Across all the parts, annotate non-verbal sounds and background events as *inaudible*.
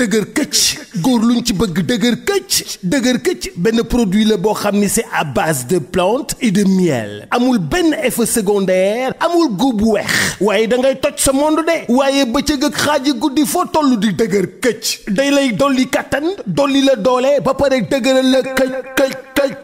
dëgër këcc góor luñ ci bëgg dëgër këcc dëgër këcc benn produit la boo xam ni c'est à base de plantes et de miel amul benn effet secondaire amul góob bu weex waaye da ngay toj sa monde de waaye bëccëg ak xaaji guddi foo toll di dëgër këcc day lay dolli kattan dolli la doole ba pare dëgëral la këcc këcc këcc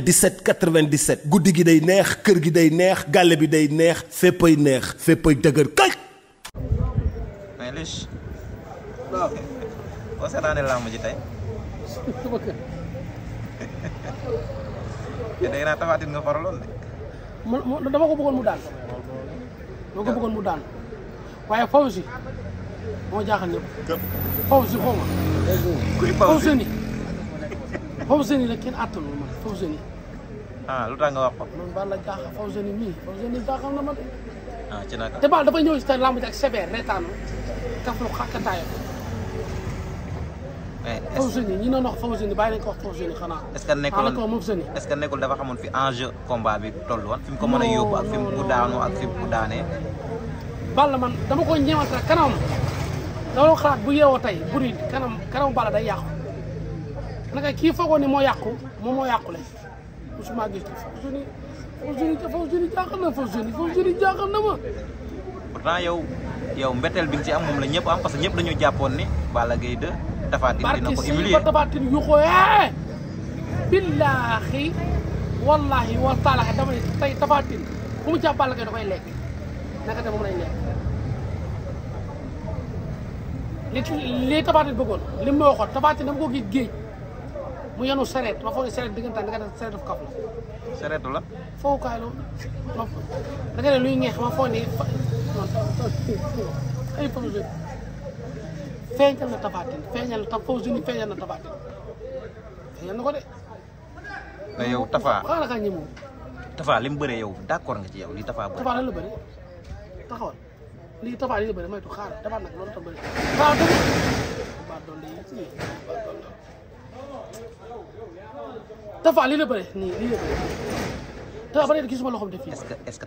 97 97 guddi gi day neex kër gi day neex gàlle bi day neex féppay neex féppay dëgër kay. mais Lich. waaw. boo seetaanee làmb *laughs* de. man dama ko mu daan. dama mu daan waaye ma. faw seni ah lu tax nga wax ko man Balla jaaxa faw seni mii faw seni jaaxal na ah, dafa ñëw si ta lamb ji ak sebeer reetaan kaf lu xàkkataayam faw seni ñi noon wax faw seni bàyyi nañ ko wax faw xanaa est-ce que est-ce que dafa xamoon fi enjeu combat bi toll woon fi mu ko mën a yóbbu ak fi mu ko daanu ak fi mu ko daanee Balla man dama ko ñeewantal kanam dama xalaat bu yeewoo tey buri kanam kanam Balla day yàqu naka ki foogoo ni moo yàqu moom moo yàqule musuma gis ko foofu jeunes yi foofu jeunes yi jaaxal na foofu jeunes yi foofu jeunes yi jaaxal na ma. pourtant yow yow mbetteel bi nga ci am moom la ñëpp am parce que ñëpp dañoo jàppoon ni Balla Gaye 2 Tapha Tine dina ko humilier mu jàpp Balla Gaye da koy lekk naka de moom lañ lekk. li li Tapha Tine bëggoon li mu ma waxoon dama ko gis géej. mu yenu sareet ma foog ne sareet diggantaan da nga def sareet daf kaf la. sareetu la. fowukaay la ma da nga ne luy ñeex ma foog ay Papa Sow feeñal na tabaatin feeñal na Papa feeñal na tabaatin feeñal na ko de. yow Tafa xaaral kaa li mu bëree yow d'accord nga ci yow li Tafa la bëri li la bëri moytu xaaral Tafa nag loolu tam Tafa lii la bëre nii lii la bëre Tafa ba léegi gisuma loxoom def fii. est-ce que est-ce que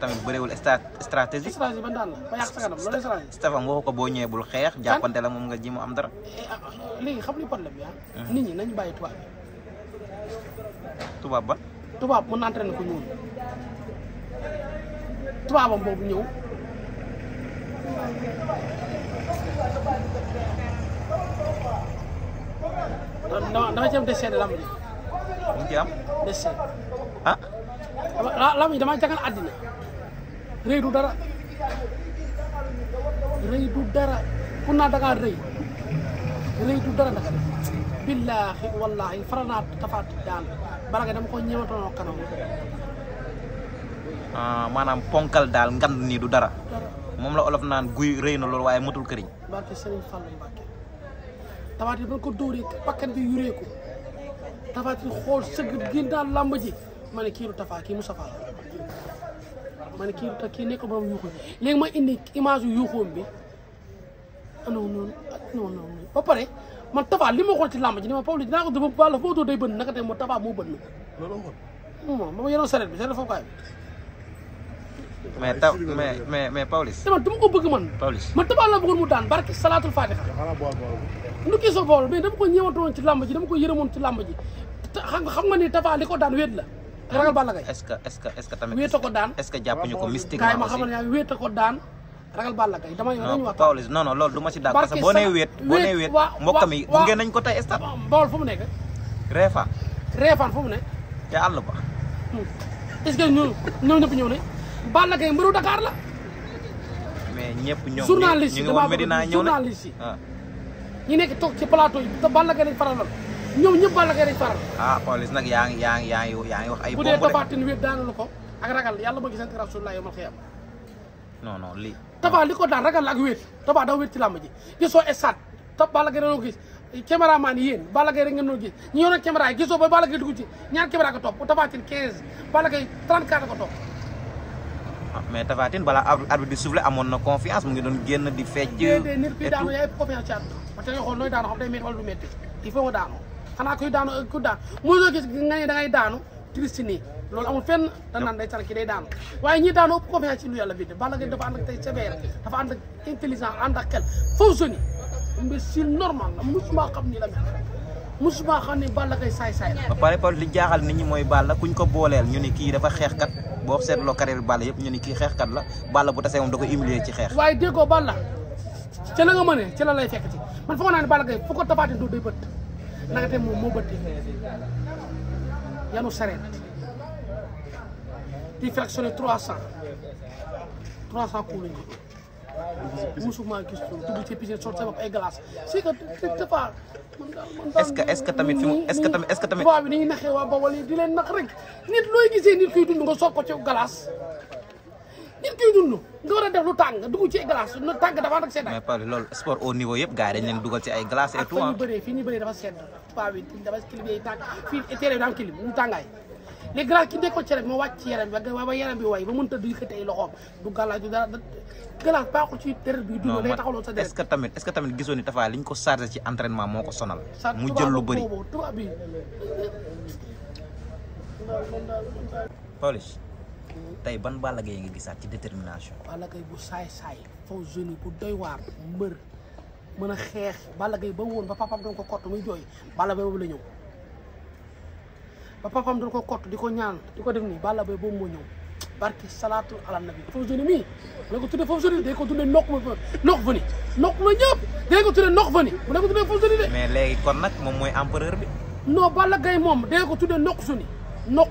ko boo xeex. jàppante la moom nga ji mu am dara. Eh, ah, ah, léegi xam li problème bi ah. hmm. nit ñi nañu bàyyi tubaab tubaab ba. tubaab na entraîné ko ñëw. dama dama am des seede lamb ji. bu ci am. déedéet ah. la la damaa jagal rëy du dara rëy du dara ku naa da ngaa rëy rëy du dara nag. billaahi wallaahi faral naa daal bala nga dama ko ñëwatoonoo kanam. Ah, maanaam ponkal daal ngand nii du dara. moom la olof naan guy rëy na loolu waaye matul këriñ. barke Serigne Fallou Mbacké tawaat yi ba bi yureeku. tafaatin xool sëgg gén daal làmb ji ma ne kii du tafaa kii Moustapha la ma ne kii du ta kii nekkul yuuxu bi léegi ma indi image yu yuuxoom bi ah, non ah, non non non ba pare man tafaa li ma xool ci làmb ji ne ma Pawlish dinaa ko dama wàlla moo bënn mo bi saret foofu kaay bi mais taw mais mais ko bëgg man Pawlish man tafaa la bëggoon mu daan barke salaatul fatiha ndu kii so bool mais dama ko ñëwantoon ci làmb ji dama ko yërëmoon ci làmb ji xam nga ni Tapha li ko daan wéet la. ragal Balla Gaye est-ce que a ko daan est-ce que ko mystiquement aussi kaay a ko daan ragal Balla Gaye dama yow dañu wax. Pawlish du ma ci daal parce que boo nee wéet. boo nee wéet mbokk mi gunge ko tey stade. Bawol ba. Hmm. est-ce que ñun ñoom ñëpp ñëw ne Balla Gaye mbëru Dakar la. mais ñëpp ñoom journaliste yi ñu ngi woon Medina ñëw na journaliste ah. ñu ne toog ci plateau yi te Balla Gaye lañ ñoom ñëpp Balla Gaye dañ faral. ah Pawlish nag yaa ngi yaa ngi wax ay. bu dee Tapha Tine wéet daanu la ko ak ragal yàlla ma gisante rasulullah yow ma xëyam. non non lii. Tapha li ko daan ragal ak wéet Tapha dafa wéet ci làmb ji gisoo stade Tapha Balla Gaye dañoo gis caméraman yéen Balla Gaye rek ngeen doon gis ñu yoroon caméra yi gisoo ba Balla Gaye dugg ci ñaar caméra ko topp Tapha Tine 15 Balla ah, mais Tapha Tine balaa arbitre di soufflé amoon na confiance mu ngi doon génn di fecc. et tout déedéet nit bi xanaa kuy daanu ku daan mosoo gis nga ne da ngay daanu triste nii loolu amul fenn da naan day sànq ki waaye ñi daanu ëpp confiance ci lu yàlla bind Balla Gaye dafa ànd ak tey sévère dafa ànd ak intelligence ànd ak xel fonctionné mbir si normal la musuma xam ni la mel musuma xam ni Balla Gaye saay-saay la. ba li jaaxal nit ñi mooy Balla kuñ ko booleel ñu ni kii dafa xeexkat boo seetloo carrière Balla yëpp ñu ni kii xeexkat la Balla bu tasee moom da ko humilier ci xeex. waaye déggoo Balla ci la nga mënee ci la lay fekk ci man foog naa ne Balla Gaye fu ko tabaatee doo doy bët. nagate moom moo bëtt yanu sareet di fractionné trois cent trois cent coups lañu musuma gis dugg ci piscine sotti sa bopp ay glace c'est que c'est pas est-ce tamit fi mu est-ce tamit est-ce que tamit. waa bi dañuy naxee waa Bawol yi di leen nax rek nit looy gisee nit kuy dund nga soog ko ci glace. nit ñi dund nga war a def lu tàng dugg ci glace lu tàng dafa ànd ak sedd. mais par loolu sport au niveau yëpp gars yi dañ leen dugal ci ay glace et tout. ah fii ñu bëree dafa sedd paa bi dafa clim tàngaay les glaces ki nekkoon cere moo wàcc ci yaram bi ba ba yaram bi way ba mën ta du yëkkati loxoom du galaaj baaxul ci terrain bi dund day taxawloo sa est-ce tamit est tamit gisoon ni Tapha li ko chargé ci entraînement moo ko sonal mu jël lu bëri tey ban Balla Gaye nga gisaat ci détermination. Balla Gaye bu saay-saay faw jeune bu doy waar mbër mën a xeex Balla Gaye ba woon ba papam doon ko kott muy jooy Balla Gaye boobu la ñëw ba papam doon ko kott di ko ñaan di ko def nii Balla Gaye boobu moo ñëw barki salaatu ala nabi foofu jeune mii bu ko tuddee foofu jeune day ko tuddee nokk ma nokk fa ni nokk ko tuddee nokk fa ni bu ne tuddee foofu jeune de mais léegi kon nag moom mooy empereur bi non Balla Gaye moom day ko tuddee nokk su ni na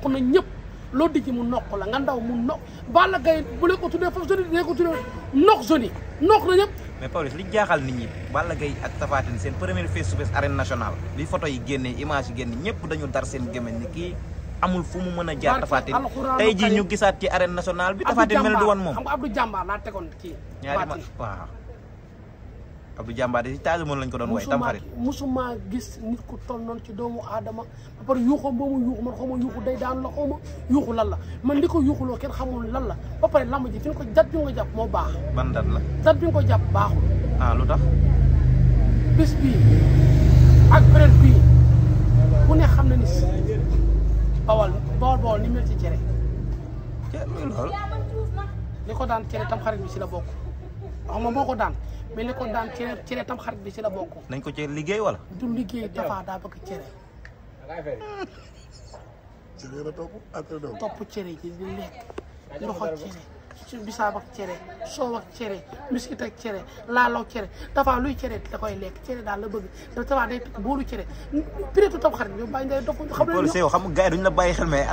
loo dijji mu noq la nga ndaw mu noq Balla Gaye bu leen ko yi dinañ ko tuddee noq yi noq na ñëpp. mais Pawlish li jaaxal nit ñi Balla Gaye ak Tapha seen première face to face arène nationale bi photo yi génnee image yi génne ñëpp dañu dar seen gémmiñ ni kii amul fu mu mën a jaar Tapha Tine jii ñu gisaat ci arène nationale bi Tapha Tine mel du woon moom. xam nga Abdou Jàmbaar laa tegoon kii. ma waaw. Abdou Diambaté si taaju mën lañ ko doon woy tamxarit musuma gis nit ku toll noonu ci doomu aadama ba pare yuuxam ba yuuxu man xaw ma yuuxu day daan la xaw yuuxu lan la man li ko yuuxuloo kenn xamul lan la ba pare lamb ji fi ko dat bi nga ko jàpp baax ban dat la dat ko jàpp baaxul ah, lu tax bis bii ak période bii ku ne xam na ni si bawal bawal bawal ni mel ci cere loolu li ko daan cere tamxarit bi si la bokk wax ma moo ko daan mais li ko daan cere tam xarit bi ci la bokk. nañ ko cee liggéey wala. du liggéey Tapha daa bëgg cere. cere la topp ak doom. topp cere ji cere ci bisaab cere soow cere miskit ak cere laalaw luy cere da koy lekk cere daal la bëgg te Tapha day takk boolu cere piretu tam xarit bi yow bàyyi ngay dof. xam nga la bàyyi xel mais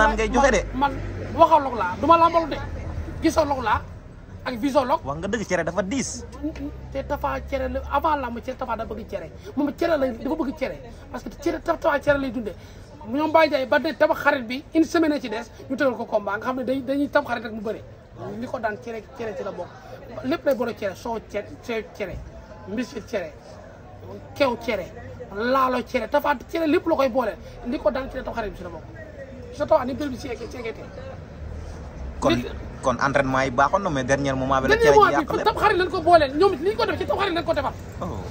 naan ngay joxe de. man waxaloog laa du ma lambalu de gisaloog laa. ak visologue wax nga dëgg cere dafa diis te tafa cere la avant la cere tafa dafa bëgg cere moom cere la dafa bëgg cere parce que cere tafa cere lay dundee ñoom Baye Ndiaye ba de tabax xarit bi une semaine ci des ñu tegal ko combat nga xam ne day dañuy tabax xarit rek mu bëre li ko daan cere cere ci la bokk lépp lay boro cere soo cere soo cere mbisi cere cere laalo cere lépp la koy boole li ko daan cere tabax xarit bi ci la bokk sa tawa ni bërëb ci ceegete kon entraînement yi baaxoon na mais dernier moment bi la cere xarit lañ ko booleel ñoom li ko def ci tam xarit lañ ko defal oh.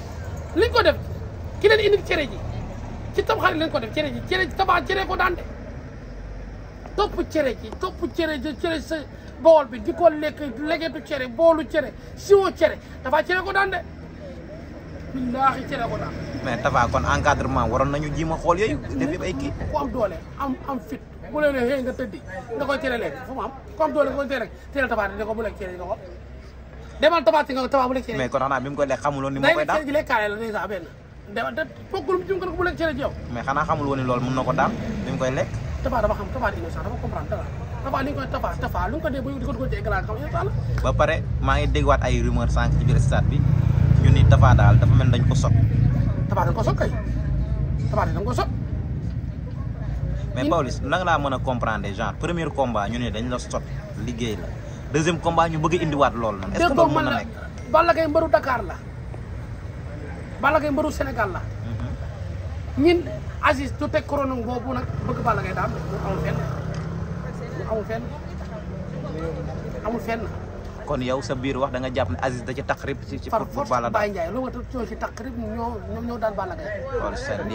li def cere ji ci tam xarit lañ ko def cere ji cere ji tabax cere ko daan de topp cere ji topp cere ji cere sa bool bi di lekk legetu cere boolu cere siwo cere dafa cere ko daan de billaahi cere ko daan mais tafa kon encadrement waroon nañu ji ma xool yooyu def ay kii ku am doole am fit bu la nee xëy nga koy cere lekk fu mu am ku nga koy cere lekk cere tabaat ne ko bu lekk cere nga ko demal xanaa bi mu koy ne ko bu lekk cere ji yow mais na ko daal koy lekk tabaat dama xam tabaat innocent dama comprendre dara tabaat li nga koy di ko dugal ci écran xam yàlla ba pare maa ngi déggwaat ay rumeur sànq dafa mel dañ ko sot tabaat dañ ko sot ko sot mais Pawlish naka laa mën a comprendre genre premier combat ñu ne dañ la sot liggéey la deuxième combat ñu bëgg indiwaat loolu noonu. est-ce que loolu mën na nekk Balla Gaye mbëru Dakar la Balla Gaye mbëru Sénégal la. Mhm. ñin Aziz du teg corona boobu nag bëgg Balla Gaye daal amul fenn amul fenn amul fenn. kon yow sa biir wax da nga jàpp ne Aziz da ci taqrib ci ci pour pour Balla Baye Ndiaye loolu ñoo ci taqrib ñoo ñoom ñoo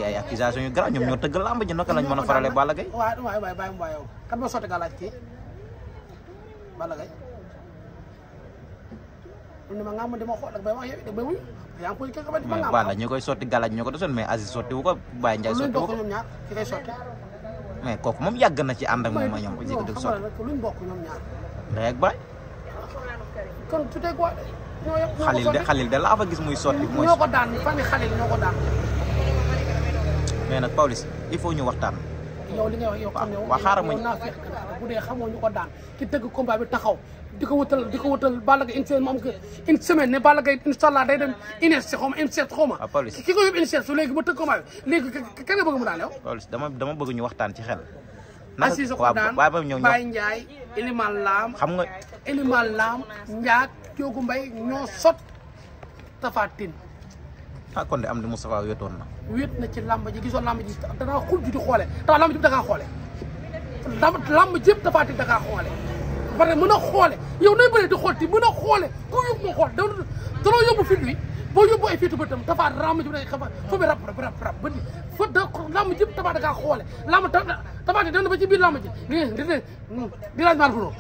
ay accusation yu grave ñoom ñoo tëgg làmb ji naka lañ a farale Balla Gaye waaw waaw waaw bàyyi mu yow kan moo sotti galaaj kii ma am dama xool ak bay wax yow da koy kii xamante ma sotti galaaj ñoo ko desoon mais Aziz sotti wu ko Baye Ndiaye sotti wu ko koy sotti mais moom yàgg na ci ànd ak moom ma ñoom luñ bokk ñoom ñaar rek Baye kon su dee quoi ñoo yëpp ñoo ko xalil de xalil de laa fa gis muy sotti. mooy ñoo ko daan famille xalil ñoo ko daan. mais nag Pawlish il faut ñu waxtaan. yow li nga wax yow xam ne waa xaaral ma naa fekk bu dee xamoo ñu ko daan ki tëgg combat bi taxaw di ko wutal di ko wutal Balla Gaye une semaine mu am une semaine ne Balla Gaye incha allah day dem INSET xaw ma INSET xaw ma ki ko yóbbu INSET su léegi ba tëgg combat bi léegi kenn bëgg mu daan yow Pawlish dama dama bëgg ñu waxtaan ci xel Assisa Kodaan Baye Ndiaye Elimane Lam xam nga Elimane Lam Ndiak Diogu Mbaye ñoo sot Tapha Tine ah kon am di Moustapha wéetoon na wéet na ci làmb ji gisoo làmb ji danaa xul ji di xoole tax làmb ji da kaa xoole làmb yëpp Tapha Tine da mën a xoole yow nay bëree di xool ti mën a xoole ku yóbbu ma xool daloo yóbbu fit wi boo yóbbu ay féetu bëtam Tapha làmb ji day xafa fa bi rap rap rap rap ba ni fa da làmb ji Tapha da kaa xoole làmb Tapha di ba ci biir làmb ji di di di laaj maal fuloo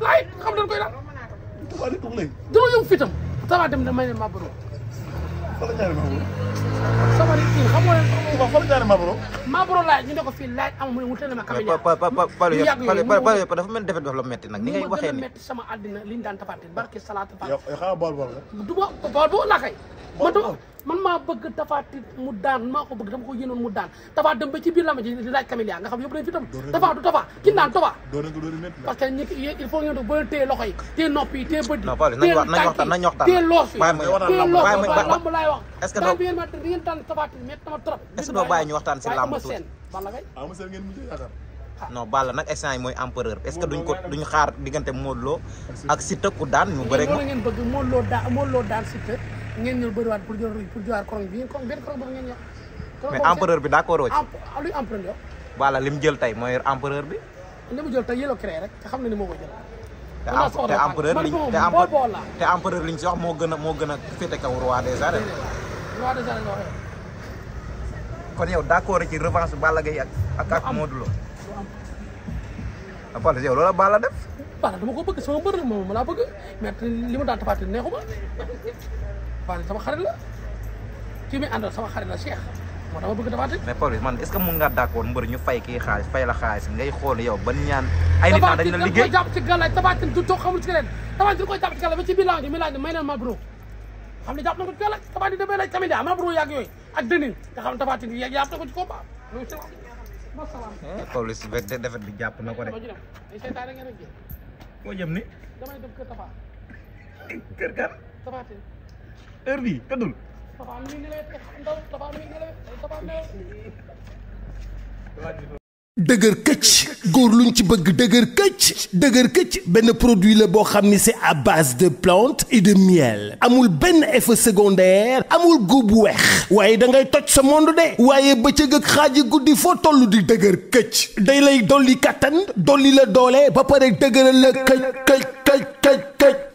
laay xam dañ koy daal dama yóbbu fitam Tapha dem na may ne maa bëro fa la jaaree Maboro. sama kii xam nga ne waaw fa la ñu ne fii laaj am mu ne wutale ma. Kaba Dia pa pa pa Paalu yow dafa mel defet dafa la metti nag. ni ngay waxee ni metti sama àddina li ñu daan tabaate barke salaatu. yow yow xaaral bool bool la. du ma bool bool laa kay. bool bool man maa bëgg tafaati mu daan maa ko bëgg dama ko yéenoon mu daan tafaa dem ba ci biir lama ji di laaj camélia nga xam yóbbu nañ fi tam tafaa du tafaa kin daan tafaa parce que ñi il faut ngeen boo leen téye loxo yi téye nopp yi téye bët yi téye loos yi téye loos lamb laay wax est-ce que daan bi ngeen ma ngeen daan tafaati mais dama trop est-ce que doo bàyyi ñu waxtaan si lamb tuuti balla ngay ah, non Balla nag instant yi mooy empereur est-ce que duñ ko duñ xaar diggante Modou Lo ak Siteu ku daan ñu bëri ko ngeen bëgg Modou Lo daan Modou Lo daan Siteu ngeen ñëw bëriwaat pour jël ruuj pour jëwaat korong bi korong benn korong boobu ngeen yor. mais empereur bi d'accord ci. Ah, luy empereur yow. voilà li mu jël tey mooy empereur bi. li mu jël tey yélo créé rek te na ni moo ko jël. te empereur liñ te empereur liñ si moo gën moo gën a féete kaw roi kon yow d'accord ci revanche Balla Gaye ak ak ak Modou Lo. Apal ah, yow loola Balla def. Balla dama ko bëgg sama mbër la moom ma laa bëgg mais li ma daan tafaati neexuma. Balla sama xarit la ki muy àndal sama xarit la Cheikh bëgg Tapha Tine. mais man est ce que mun ngaa d'accord mbër ñu fay kii xaalis fay la xaalis ngay xool yow ba ñaan. ay nit dañ la liggéey Tapha Tine koy jàpp ci gàllaaj Tapha Tine du toog xamul ci keneen Tapha Tine koy jàpp ci gàllaaj ba ci biir laaj mi laaj may naan Mabro xam ne jàpp na ko ci gàllaaj Tapha Tine damay laaj tamit daa Mabro yàgg yooyu ak dënin nga xam si la. Eh, bi jàpp na ko de. koo jëm heure bii tëddul. dëgër këcc góor luñ ci bëgg dëgër këcc dëgër këcc benn produit la boo xam ni c'est à base de plantes et de miel amul benn effet secondaire amul góob bu weex waaye dangay toj sa monde de waaye bëccëg ak xaaji guddi foo toll di dëgër këcc day lay dolli kattan dolli la doole ba pare dëgëral la këcc këcc këcc këcc